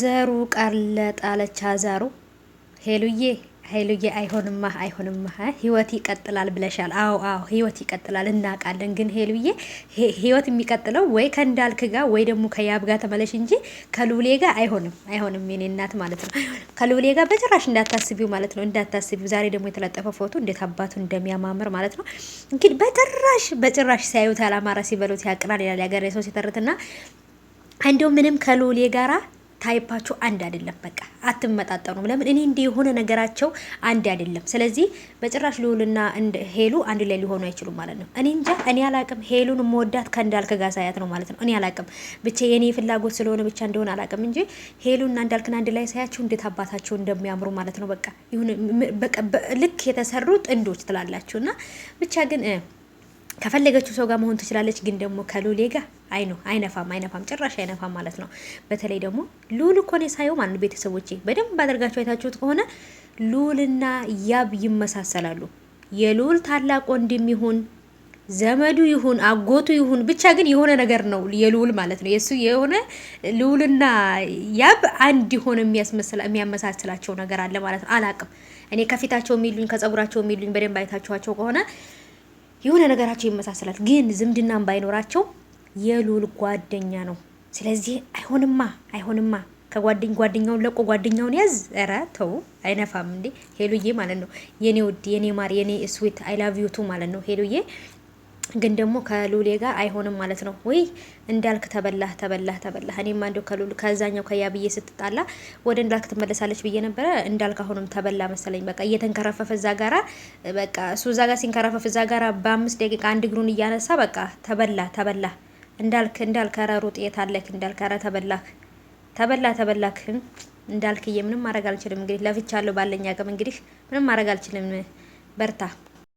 ዘሩ ቀለጠ አለች አዛሩ። ሄሉዬ ሄሉዬ አይሆንማ አይሆንማ፣ ህይወት ይቀጥላል ብለሻል። አዎ አዎ ህይወት ይቀጥላል እናውቃለን። ግን ሄሉዬ ህይወት የሚቀጥለው ወይ ከእንዳልክ ጋር ወይ ደግሞ ከያብ ጋር ተመለሽ እንጂ ከሉሌ ጋር አይሆንም አይሆንም፣ የኔ እናት ማለት ነው። ከሉሌ ጋር በጭራሽ እንዳታስቢው ማለት ነው፣ እንዳታስቢው። ዛሬ ደግሞ የተለጠፈ ፎቶ እንዴት አባቱ እንደሚያማምር ማለት ነው። እንግዲህ በጭራሽ በጭራሽ ሲያዩት ያላማረ ሲበሉት ያቅናል ይላል ያገሬ ሰው ሲተርትና እንደው ምንም ከሉሌ ጋራ ታይፓቸው አንድ አይደለም። በቃ አትመጣጠኑም። ለምን እኔ እንዲህ የሆነ ነገራቸው አንድ አይደለም። ስለዚህ በጭራሽ ልዑልና ሄሉ አንድ ላይ ሊሆኑ አይችሉም ማለት ነው። እኔ እንጃ፣ እኔ አላቅም። ሄሉን መወዳት ከእንዳልክ ጋር ሳያት ነው ማለት ነው። እኔ አላቅም፣ ብቻ የእኔ ፍላጎት ስለሆነ ብቻ እንደሆነ አላቅም እንጂ ሄሉና እንዳልክን አንድ ላይ ሳያቸው እንዴት አባታቸው እንደሚያምሩ ማለት ነው። በቃ ልክ የተሰሩ ጥንዶች ትላላችሁ እና ብቻ ግን ከፈለገችው ሰው ጋር መሆን ትችላለች። ግን ደግሞ ከሉሌ ጋር አይ ነው አይነፋም፣ አይነፋም፣ ጭራሽ አይነፋም ማለት ነው። በተለይ ደግሞ ሉል እኮ እኔ ሳየው ማነው ቤተሰቦቼ በደንብ አድርጋችሁ አይታችሁት ከሆነ ሉልና ያብ ይመሳሰላሉ። የሉል ታላቅ ወንድም ይሁን ዘመዱ ይሁን አጎቱ ይሁን ብቻ ግን የሆነ ነገር ነው የልውል ማለት ነው። የሱ የሆነ ልውልና ያብ አንድ ሆነ የሚያመሳስላቸው ነገር አለ ማለት ነው። አላቅም እኔ ከፊታቸው የሚሉኝ ከጸጉራቸው የሚሉኝ በደንብ አይታችኋቸው ከሆነ የሆነ ነገራቸው ይመሳሰላል። ግን ዝምድናም ባይኖራቸው የሉል ጓደኛ ነው። ስለዚህ አይሆንማ አይሆንማ ከጓደኝ ጓደኛውን ለቆ ጓደኛውን ያዝ። ኧረ ተው አይነፋም እንዴ ሄሉዬ ማለት ነው። የኔ ውድ የኔ ማር የኔ ስዊት አይላቪዩቱ ማለት ነው ሄሉዬ ግን ደግሞ ከሉሌ ጋር አይሆንም ማለት ነው። ወይ እንዳልክ ተበላህ ተበላህ ተበላህ። እኔም እንደው ከሉል ከዛኛው ብዬ ስትጣላ ወደ እንዳልክ ትመለሳለች ብዬ ነበረ። እንዳልክ አሁንም ተበላ መሰለኝ። በቃ እየተንከረፈፈ እዛ ጋራ በቃ እሱ እዛ ጋር ሲንከረፈፍ እዛ ጋራ በአምስት ደቂቃ አንድ እግሩን እያነሳ በቃ ተበላ ተበላ። እንዳልክ እንዳልክ ኧረ ሩጥ የት አለክ እንዳልክ ኧረ ተበላክ ተበላ ተበላክ እንዳልክዬ ምንም ማድረግ አልችልም። እንግዲህ ለፍቻለሁ ባለኝ አቅም እንግዲህ ምንም ማድረግ አልችልም። በርታ